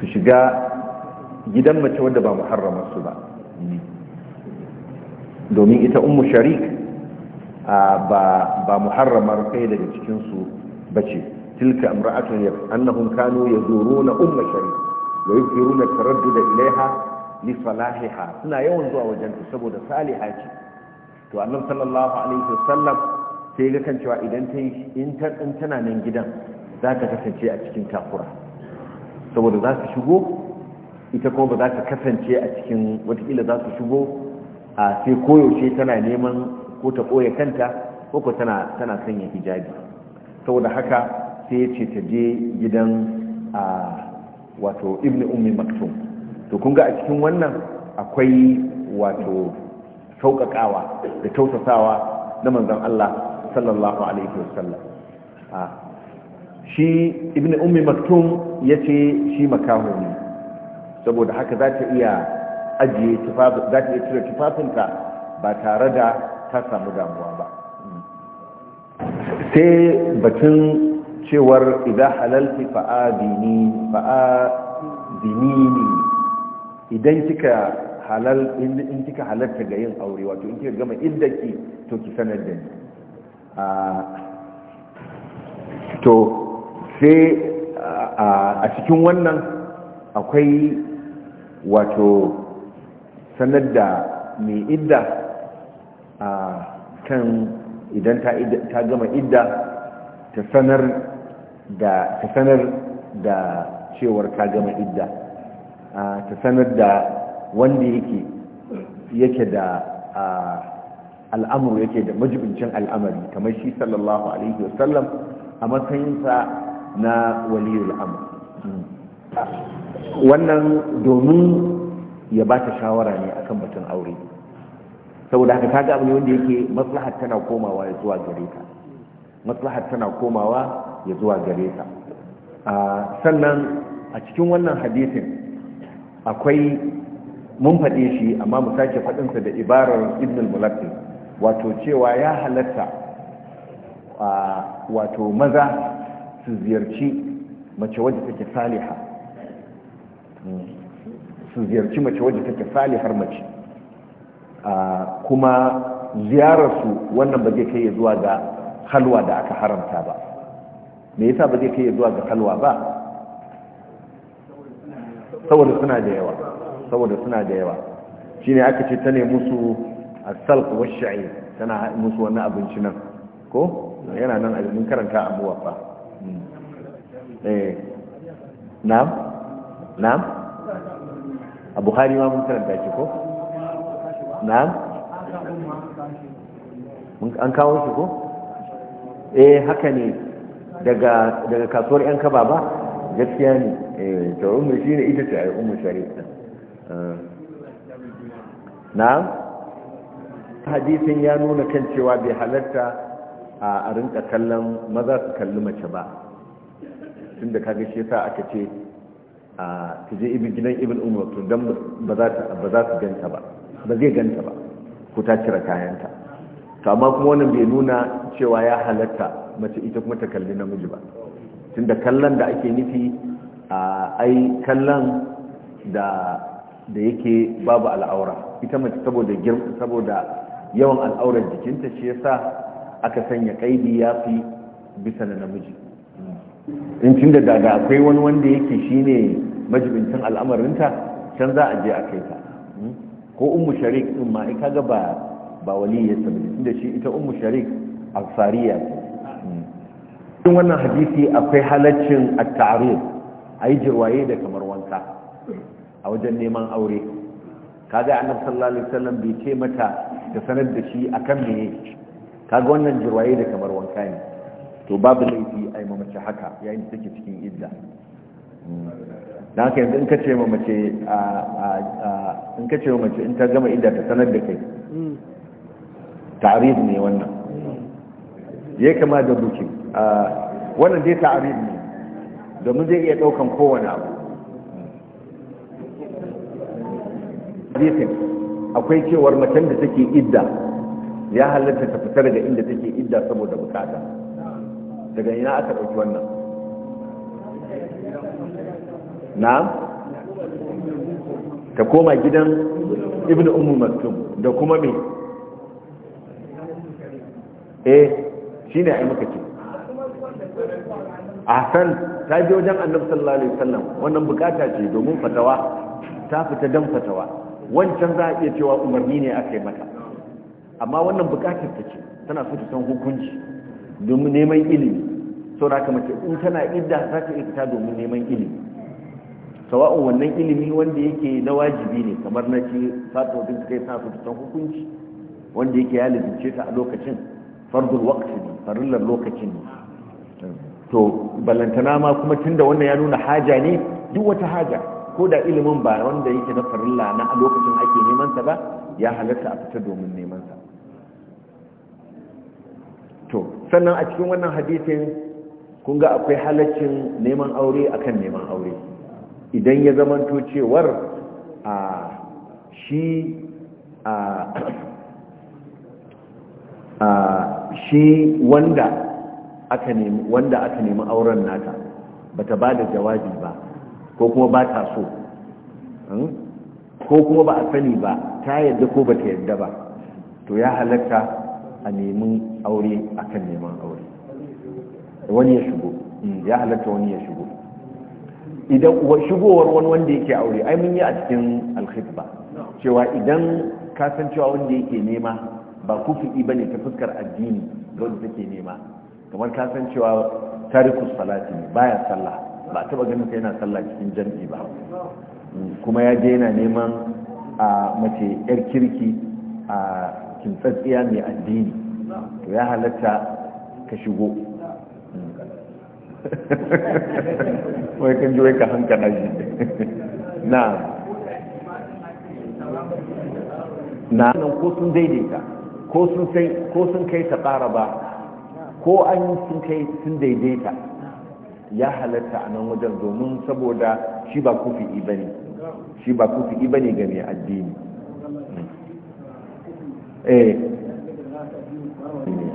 su shiga gidan mace wadda ba mu haramarsu ba domin ita ummu sharik ba muharramar kai daga cikinsu ba ce tilka amra'atun annahum kanu yazuruna ummu sharik wa yukhiruna taraddud ilaiha li falahiha suna yawan zuwa wajenta saboda saliha ce to annabi sallallahu alaihi wasallam sai ga kan cewa idan ta yi tana nan gidan za ta kasance a cikin takura saboda za su shigo ita kuma ba za ta kasance a cikin watakila za su shigo a sai koyaushe tana neman ko ta koya kanta ko tana tana sanya hijabi saboda haka sai ya ce ta je gidan a wato ibnu ummi maktum to kun ga a cikin wannan akwai wato sauƙaƙawa da tausasawa na manzon Allah sallallahu alaihi wasallam shi ibn ummi maktum ya ce shi makaho ne saboda haka za ta iya ajiye za ta tufafinta ba tare da ta samu damuwa ba sai batun cewar idan halalti fa'adini fa'adini idan kika halal in kika halarta ga yin aure wato in kika gama iddaki to ki sanar da ni ah, to sai ah, ah, a cikin wannan akwai wato sanar da mai idda a kan idan ta gama idda ta sanar da cewar ta gama idda ta sanar da wanda yake yake da al'amuru yake da majibincin al'amari kamar shi sallallahu alaihi wasallam a matsayinsa na waliyul amr wannan domin ya ba ta shawara ne akan batun aure saboda haka kaga abu wanda yake maslahar tana komawa ya zuwa gare maslahar tana komawa ya zuwa gare sannan a cikin wannan hadisin akwai mun faɗe shi amma mu sake faɗinsa da ibarar ibn al mulaqqi wato cewa ya halatta wato maza su ziyarci mace wadda take saliha su ziyarci mace wadda take salihar mace kuma ziyararsu wannan ba zai kai zuwa ga halwa da aka haramta ba me yasa ba zai kai zuwa ga halwa ba saboda suna da yawa saboda suna da yawa shine aka ce ta ne musu as-salq wa sha'ir tana musu wani abinci nan ko yana nan abin karanta abu wafa hmm. eh na'am na'am a buhari ma mun karanta shi ko na'am an kawo shi ko eh haka ne daga kasuwar 'yan kaba ba gaskiya ne ta eh, to shi ne ita ce yi ummu shari'a eh. na hadisin ya nuna kan cewa bai halatta a rinka kallon maza su kalli mace ba tun da kaga shi yasa aka ce a tije ibi gidan ibin umar to don ba za su ganta ba ba zai ganta ba ko ta cire kayanta to amma kuma wannan bai nuna cewa ya halatta mace ita kuma ta kalli namiji ba tun da kallon da ake nufi a ai kallon da da yake babu al'aura ita mace saboda girma saboda yawan al'aurar jikinta shi yasa aka sanya kaidi yafi bisa na namiji in tun da daga akwai wani wanda yake shine majibincin al'amarinta can za a je a kai ta ko ummu sharik din ma ai kaga ba ba ya saboda tunda shi ita ummu sharik afsariya ce cikin wannan hadisi akwai halaccin at tarid a yi jirwaye da kamar wanka a wajen neman aure kaga annabi sallallahu alaihi wasallam bai ce mata ta sanar da shi akan meye kaga wannan jirwaye da kamar wanka ne to babu laifi a yi mamace haka yayin da take cikin idda don haka yanzu in ka ce mamace in ka ce mamace in ta gama idda ta sanar da kai ta'arif ne wannan ya kama da buki wannan dai ta'arif ne domin zai iya ɗaukan kowane abu akwai cewar macen da take idda ya halatta ta fita daga inda take idda saboda bukata daga ina aka ɗauki wannan na ta koma gidan ibn umar maktum da kuma me eh shi ne ai muka makacin ahsan ta je wajen annabi sallallahu alaihi wasallam wannan bukata ce domin fatawa ta fita dan fatawa wancan za a iya cewa umarni ne aka yi mata amma wannan bukatar ta ce tana so ta san hukunci domin neman ilimi sau da ce in tana idda za ta iya fita domin neman ilimi sawa'un wannan ilimi wanda yake na wajibi ne kamar na ce sato din kai sa su san hukunci wanda yake ya lizince ta a lokacin fardul waqti ne farillar lokacin ne to balantana ma kuma tunda wannan ya nuna haja ne duk wata haja ko da ilimin ba wanda yake na farilla na a lokacin ake neman sa ba ya halatta a fita domin neman sa to sannan a cikin wannan hadisin kun ga akwai halaccin neman aure akan neman aure idan ya zamanto cewar a shi a shi wanda aka nemi wanda aka nemi auren nata bata ba da jawabi ba ko kuma ba ta so hmm? ko kuma ba a sani ba ta yadda ko bata yadda ba to ya halatta a nemi aure akan neman aure wani ya shigo hmm, ya halatta wani ya shigo idan shigowar wani wanda yake aure ai mun yi a cikin alkhidba cewa idan ka san cewa wanda yake nema ba kufi ba ne ta fuskar addini wanda take nema kamar ka san cewa tarikus salati ne baya sallah ba taba ganin ka yana sallah cikin jam'i ba kuma ya je yana neman a mace yar kirki a kintsatsiya mai addini to ya halatta ka shigo wai kan jiwai wai ka hankala shi na na ko sun daidaita ko sun kai ta ƙara ba ko an sun kai sun daidaita ya halatta a nan wajen domin saboda shi ba kufi ibani shi ba kufi ibani ga mai addini eh,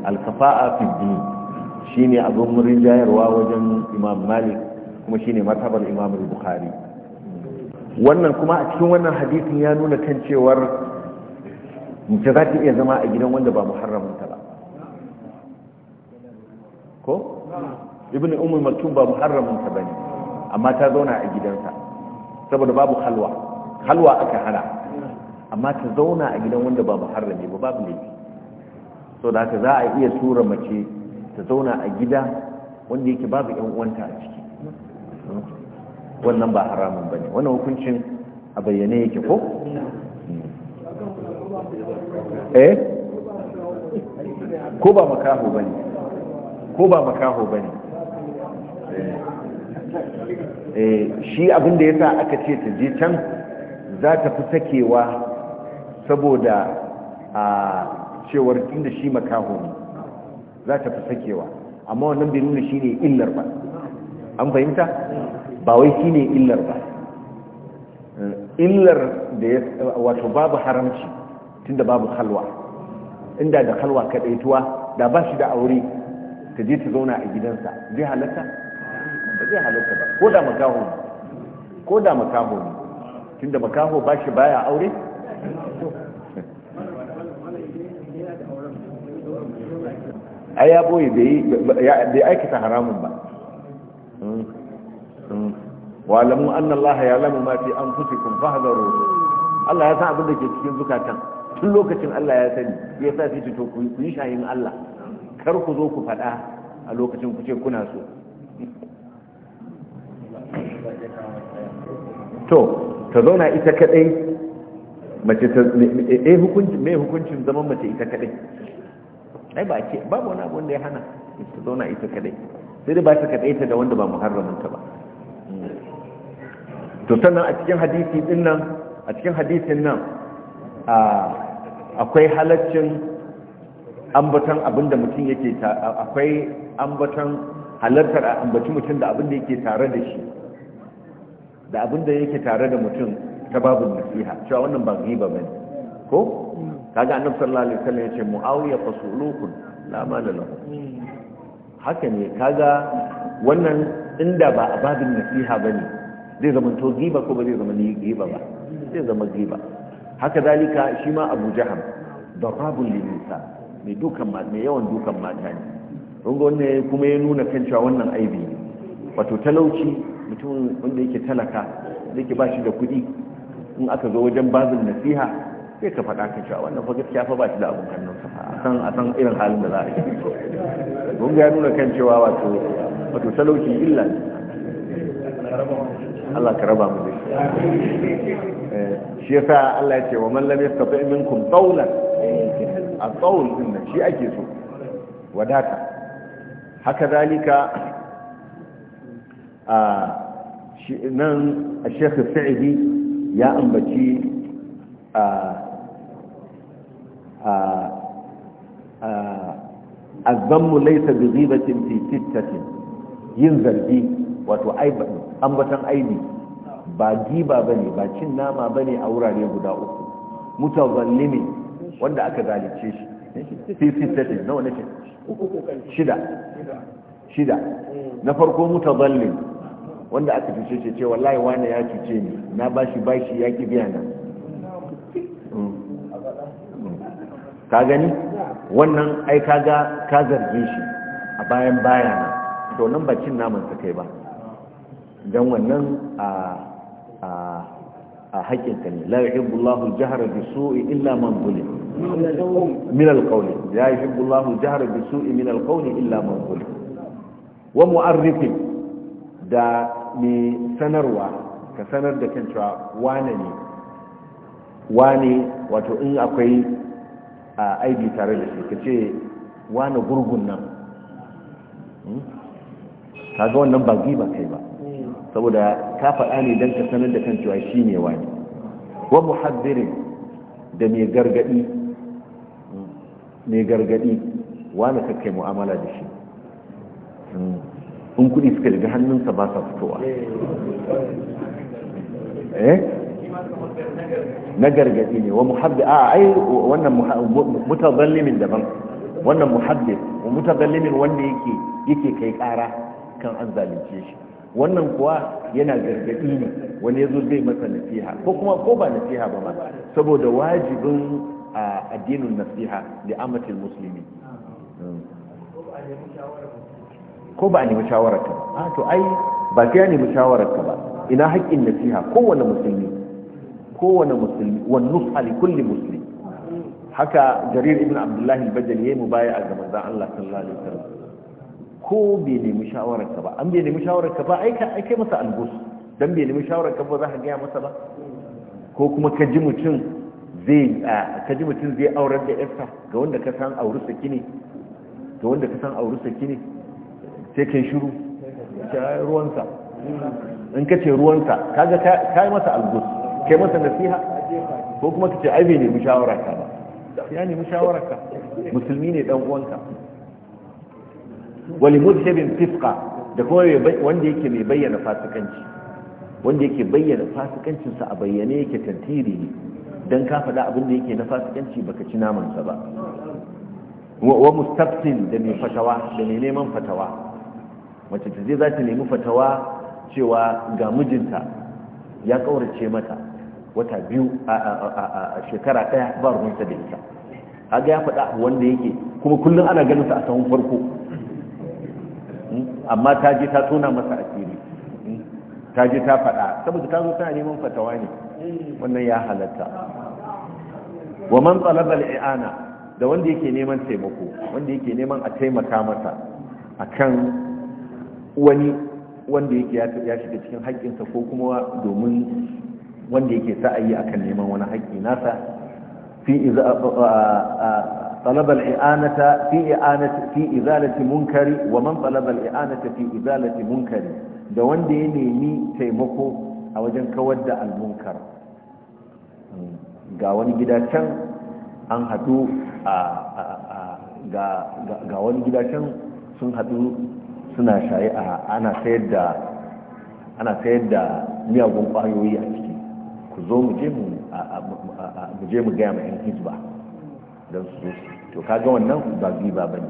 alkafa'a fi shi shine abin murin jayarwa wajen imam malik kuma shi ne matabar imam bukhari wannan kuma a cikin wannan hadisin ya nuna kan cewar mutu za ta iya zama a gidan wanda ba muharramin ba ko ibn ummu maktum ba muharramin ta bane amma ta zauna a gidansa saboda babu halwa halwa aka hana amma ta zauna a gidan wanda ba muharrami ba babu ne so da haka za a iya tura mace ta zauna a gida wanda yake babu yan uwanta a ciki wannan ba haramun bane wannan hukuncin a bayyane yake ko eh ko ba makaho bane ko ba makaho ba ne eh, shi abin da ya sa aka ce ta je can za ta fi sakewa saboda a cewar inda shi makaho ne za ta fi sakewa amma wannan bai nuna shi ne illar ba an fahimta ba wai shi ne illar ba eh, illar da ya wato babu haramci tunda babu halwa inda da halwa kadaituwa da ba shi da aure ta je ta zauna a gidansa zai halatta ba zai halatta ba ko da makaho ne ko da makaho ne tunda makaho ba shi baya aure a ya boye bai aikata haramun ba hmm. Hmm. walamu an allaha ya lamu ma fi anfusikum fahdharu Allah ya san abin da ke cikin zukatan tun lokacin Allah ya sani ya sa fi to ku yi shayin Allah kar ku zo ku faɗa a lokacin ku ce kuna so to ta zauna ita kaɗai, mace ta eh hukuncin me hukuncin zaman mace ita kaɗai? ai ba ce babu wani abu wanda ya hana ta zauna ita kaɗai, sai dai ba ta kaɗai ta da wanda ba muharramin ta ba to sannan a cikin hadisi din nan a cikin hadisin nan akwai halaccin ambaton abin da mutum yake akwai ambaton halartar a ambaci mutum da abin da yake tare da shi da abin da yake tare da mutum ta babu nasiha cewa wannan ba riba ba ne ko kaga annabi sallallahu alaihi wasallam yace muawiya fasulukun la mala lahu haka ne kaga wannan inda ba a babin nasiha bane zai zama to riba ko ba zai zama riba ba zai zama riba haka zalika shi ma abu jaham darabul linsa mai dukan mata mai yawan dukan mata ne rungo ne kuma ya nuna kan cewa wannan aibi ne wato talauci mutum wanda yake talaka da yake bashi da kuɗi in aka zo wajen bazin nasiha sai ka faɗa ka cewa wannan fa gaskiya fa bashi da abun hannunsa a san a san irin halin da za a yi rungo ya nuna kan cewa wato wato talauci illa ne Allah ka raba mu da shi eh, shi yasa Allah ya ce wa man lam yastati minkum qawlan a tsawon din shi ake so wadata haka zalika a nan a shekhu sa'idi ya ambaci a azammu laisa bi ghibatin yin zargi wato ambatan aibi ba giba bane ba cin nama bane a wurare guda uku mutazallimi wanda aka zalice shi nawa shida shida na farko zallin wanda aka cuce ce ce wallahi wane ya cuce ni na bashi bashi ya ki biya na ka gani wannan ai kaga ka zarge shi a bayan baya na to nan bakin naman sa kai ba don wannan a a haƙinka ne la yuhibbu Allahu jahra bi su'i illa man zulim min al-qawl la yuhibbu Allahu jahra bi su'i min al-qawl illa man zulim wa mu'arrifi da mai sanarwa ka sanar da kan cewa wane ne wane wato in akwai a aibi tare da shi ka ce wane gurgun nan kaga wannan ba giba kai ba saboda ka faɗa ne don ka sanar da kan cewa shi ne wani wa muhaddirin da mai gargaɗi mai gargaɗi wani ka kai mu'amala da shi in kuɗi suka daga hannunsa ba sa fitowa eh na gargaɗi ne wa muhabbi a ai wannan mutazallimin daban wannan muhabbi mutazallimin wanda yake yake kai ƙara kan an zalunce shi wannan kuwa yana gargaɗi ne wani zo zai masa nasiha ko kuma ko ba nasiha ba ma saboda wajibin addinin nasiha da amatil musulmi. ko ba a nemi shawarar ka ba a to ai ba sai a nemi shawarar ka ba ina haƙƙin nasiha kowane musulmi kowane musulmi wa nusha li kulli muslim haka jarir ibn abdullahi al-bajali yayi mubaya ga manzon Allah sallallahu alaihi wasallam ko bai nemi shawararka ba an bai nemi shawararka ba aika aike masa albus dan bai nemi shawararka ba za ka gaya masa ba ko kuma ka ji mutum zai ka ji mutum zai aurar da yarsa ga wanda ka san auri saki ne ga wanda ka san auri saki ne sai kai shiru ta ruwansa in ka ce ruwansa kaga ka yi masa albus kai masa nasiha ko kuma ka ce ai bai nemi shawararka ba ya nemi shawararka musulmi ne dan uwanka wali mujtabin fisqa da kuma wanda yake mai bayyana fasikanci wanda yake bayyana fasikancin sa a bayyane yake tantiri ne dan ka faɗa abin da yake na fasikanci baka ci naman sa ba wa mustaftin da mai fatawa da mai neman fatawa mace ta zata za ta nemi fatawa cewa ga mijinta ya kaurace mata wata biyu a shekara ɗaya ba ruwan da ita haga ya faɗa wanda yake kuma kullum ana ganin sa a sahun farko amma ta ji ta tona masa asiri ta je ta faɗa saboda ta zo tana neman fatawa ne wannan ya halatta wa man talaba al-i'ana da wanda yake neman taimako wanda yake neman a taimaka masa akan wani wanda yake ya shiga cikin haƙƙinsa ko kuma domin wanda yake sa'ayi akan neman wani haƙƙi nasa fi طلب الإعانة في إعانة في إزالة منكر ومن طلب الإعانة في إزالة منكر da wanda ya nemi taimako a wajen kawar da almunkar ga wani gida ga wani sun suna a ana sayar da miyagun ƙwayoyi a ciki ku zo mu je mu gaya ma 'yan Hisba. don su zo to kaga wannan ba giba ba ne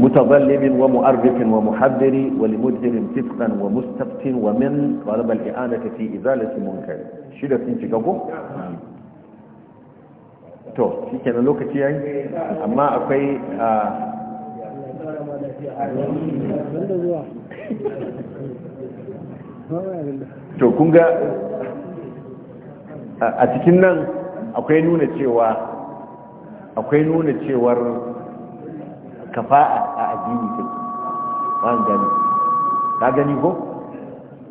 متظلم ومؤرف ومحذر ولمدهر فسقا ومستفت ومن طلب الإعانة في إزالة منكر شدة تنشككم to shi kenan lokaci yayi amma akwai ah, to kun ga a cikin nan akwai nuna cewa akwai nuna cewar kafa'a a addini take ba gani ka gani ko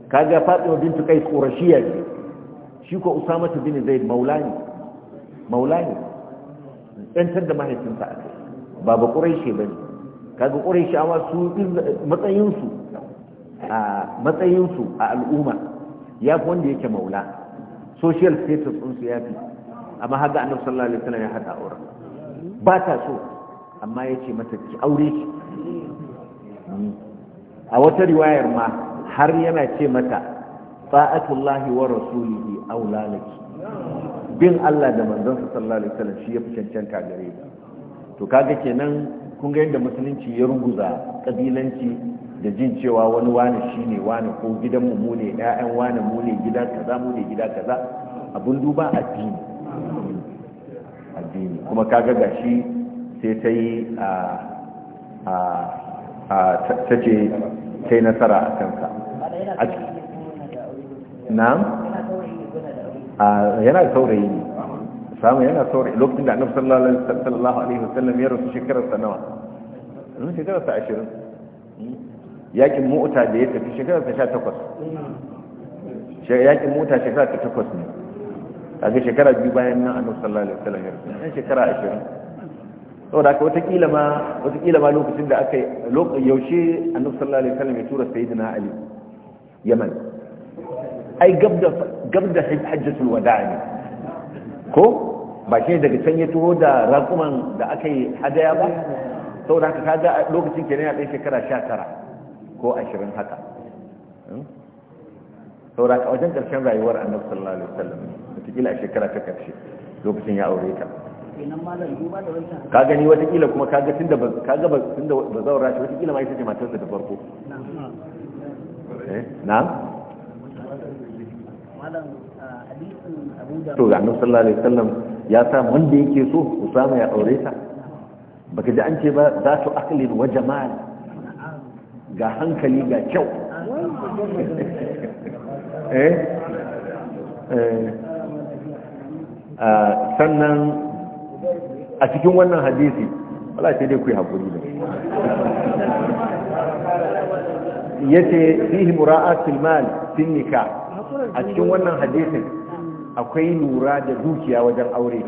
kaga Fatima bintu Qais Qurashiyya shi ko Usama bin Zaid Maulani Maulani yantar da mahaifinsa a kai ba ba Quraishi bane kaga Quraishi amma su matsayin su a matsayin su a al'umma ya fi wanda yake maula social status din su yafi amma haka annabi sallallahu alaihi wasallam ya hada auren ba ta so amma yace mata ki aure ki a wata riwayar ma har yana ce mata ta'atullahi wa rasulihi aula laki bin Allah da manzon sallallahu alaihi wasallam shi ya fi cancanta gare ka to kaga kenan kun ga yadda musulunci ya ruguza kabilanci da jin cewa wani wani ne wani ko gidan mu ne ƴaƴan wani mu ne gida kaza mu ne gida kaza abun duba addini addini kuma kaga gashi sai ta yi ta ce ta yi nasara a kansa na'am yana saurayi ne samun yana saurayi lokacin da annabta sallallahu alaihi wasallam ya rasu shekararsa nawa hmm, shekararsa ashirin hmm. yakin mota da ya tafi shekararsa sha takwas yakin mota shekararsa takwas ne kaga shekara biyu bayan nan annabi sallallahu alaihi wasallam ya rasu nan shekara 20 saboda haka watakila ma watakila ma lokacin da aka lokacin yaushe annabi sallallahu alaihi wasallam ya tura sayyidina ali yaman ai gabda gabda hajjatul wada'a ne ko ba shi daga can ya tuho da rakuman da aka yi hadaya ba saboda ka kaga lokacin kenan ya ɗaya shekara 19 ko 20 haka saura a wajen ƙarshen rayuwar annabi sallallahu alaihi wasallam wataƙila a shekara ta ƙarshe lokacin ya aure ta ka gani watakila kuma kaga ga tunda kaga ba tunda ba zaura shi watakila mai sace ce matarsa da farko na'am eh, ah, to annabi sallallahu alaihi wasallam ya sa wanda yake so Usama ya aure ta baka ji an ce ba za su akalin wa jama'a ga hankali ga kyau Eh? Eh. Ah, sannan a cikin wannan hadisi wala ce dai ku yi haƙuri ne ya ce fihi mura'atul mal fil nikah a cikin wannan hadisin akwai lura da dukiya wajen aure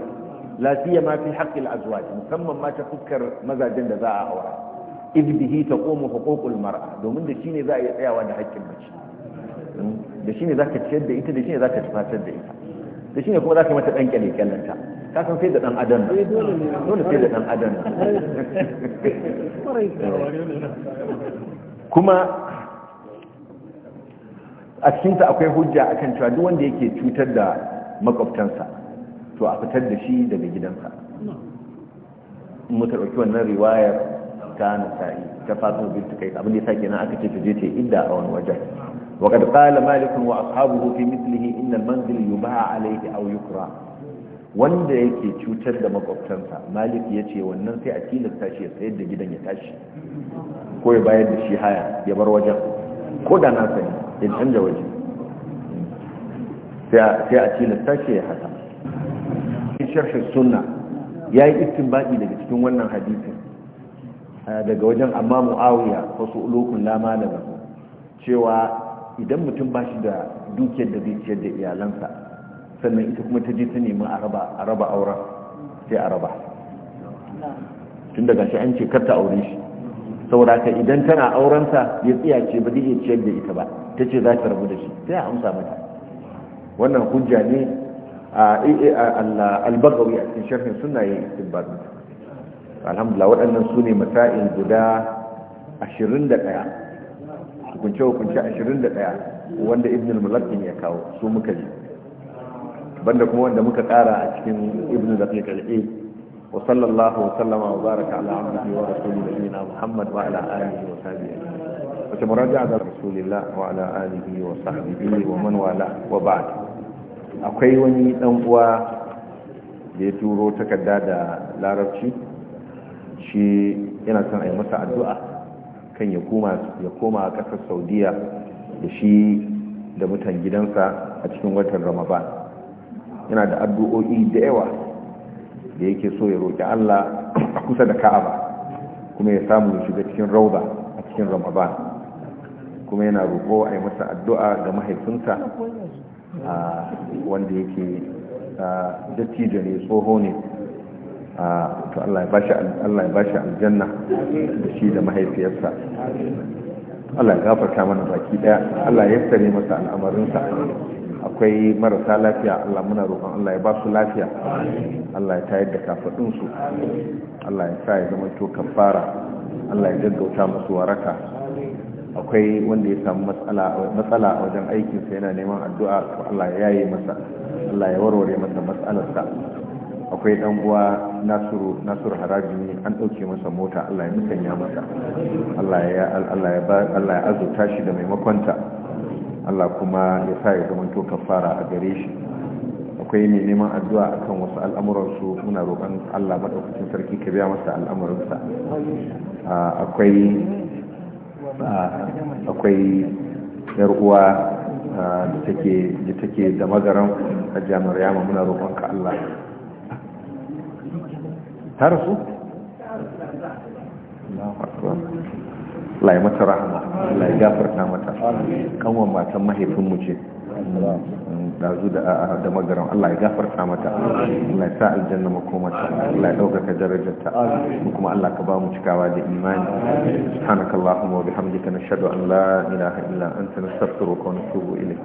lafiya ma fi haqqil azwaj musamman ma ta fukar mazajen da za a aura idbihi taqumu huququl mar'a domin da shine za a yi tsayawa da haƙƙin mace hmm? da shi ne za ka ciyar da ita da shi ne za ka tufatar da ita da shi ne kuma za ka mata ɗan ƙyale kyalanta ka san sai da ɗan adam eh, dole sai da ɗan adam kuma a cikinta akwai hujja kan cewa duk wanda yake cutar da makwabtansa to a fitar da shi daga gidansa muka ɗauki wannan riwayar ta nasa'i ta fatan bin tukai abin da ya sa kenan aka ce ta je ta idda a wani wajen وقد قال مالك وأصحابه في مثله إن المنزل يباع عليه أو يكرى wanda yake cutar da makwabtansa malik ya ce wannan sai a tilasta shi ya sayar da gidan ya tashi ko ya bayar da shi haya ya bar wajen ko da na sani ya canja waje sai a tilasta shi ya hata sharhin sunna ya yi istinbadi daga cikin wannan hadisin daga wajen amma mu'awiya wasu ulukun lama da cewa idan mutum ba shi da dukiyar da zai ciyar da iyalansa sannan ita kuma ta je ta nemi a raba auren sai a raba tun daga shi an ce karta aure shi saboda ka idan tana aurensa ya tsiyace ba zai iya ciyar da ita ba ta ce za ta rabu da shi sai a amsa mata wannan hujja ne a eh, eh, albagawi a cikin sharhin suna yin istinbat alhamdulillah waɗannan su ne masa'il guda ashirin ɗaya hukunce hukunce 21 wanda ibn al mulakin ya kawo su muka ji banda kuma wanda muka kara a cikin ibn daqiq al-aid wa sallallahu wa sallama wa baraka ala abdihi wa rasulih nabiyina muhammad wa ala alihi wa sahbihi wa tamaraja ala rasulillah wa ala alihi wa sahbihi wa man wala wa ba'd akwai wani dan uwa da ya turo takarda da larabci shi yana son a yi masa addu'a kan ya koma ƙasar saudiya da shi da mutan gidansa a cikin watan ramadan yana da addu'o'i da yawa da yake so ya roƙi allah a kusa da ka'aba kuma ya samu ya shiga cikin rauba a cikin ramadan kuma yana roƙo a yi masa addu'a ga mahaifinsa wanda yake dattijo ne tsoho ne to Allah ya bashi Allah ya aljanna da shi da mahaifiyarsa Allah ya gafarta mana baki daya Allah ya yassare masa al'amarinsa akwai marasa lafiya Allah muna roƙon Allah ya ba su lafiya Allah ya tayar da kafadunsu Allah ya sa ya zama to kafara Allah ya gaggauta musu waraka akwai wanda ya samu matsala a wajen aikinsa yana neman addu'a to Allah ya yaye masa Allah ya warware masa matsalarsa akwai dan uwa nasiru nasiru haraji an dauke masa mota Allah ya ya masa Allah ya Allah ya Allah ya shi da maimakonta Allah kuma ya sa ya zama to kafara a gare shi akwai mai neman addu'a akan wasu al'amuransu muna roƙon Allah madaukakin sarki ka biya masa al'amuransa akwai akwai yar uwa da take da magaran a jami'ar yamma muna roƙonka Allah ta rasu? lai mata rahama lai gafarta mata kanwan matan mahaifinmu ce dazu da magaran Allah ya gafarta mata Allah ya sa aljanna makomata Allah ya daukaka darajarta kuma Allah ka ba mu cikawa da imani subhanakallahumma wa bihamdika nashhadu an la ilaha illa anta nastaghfiruka wa natubu ilayk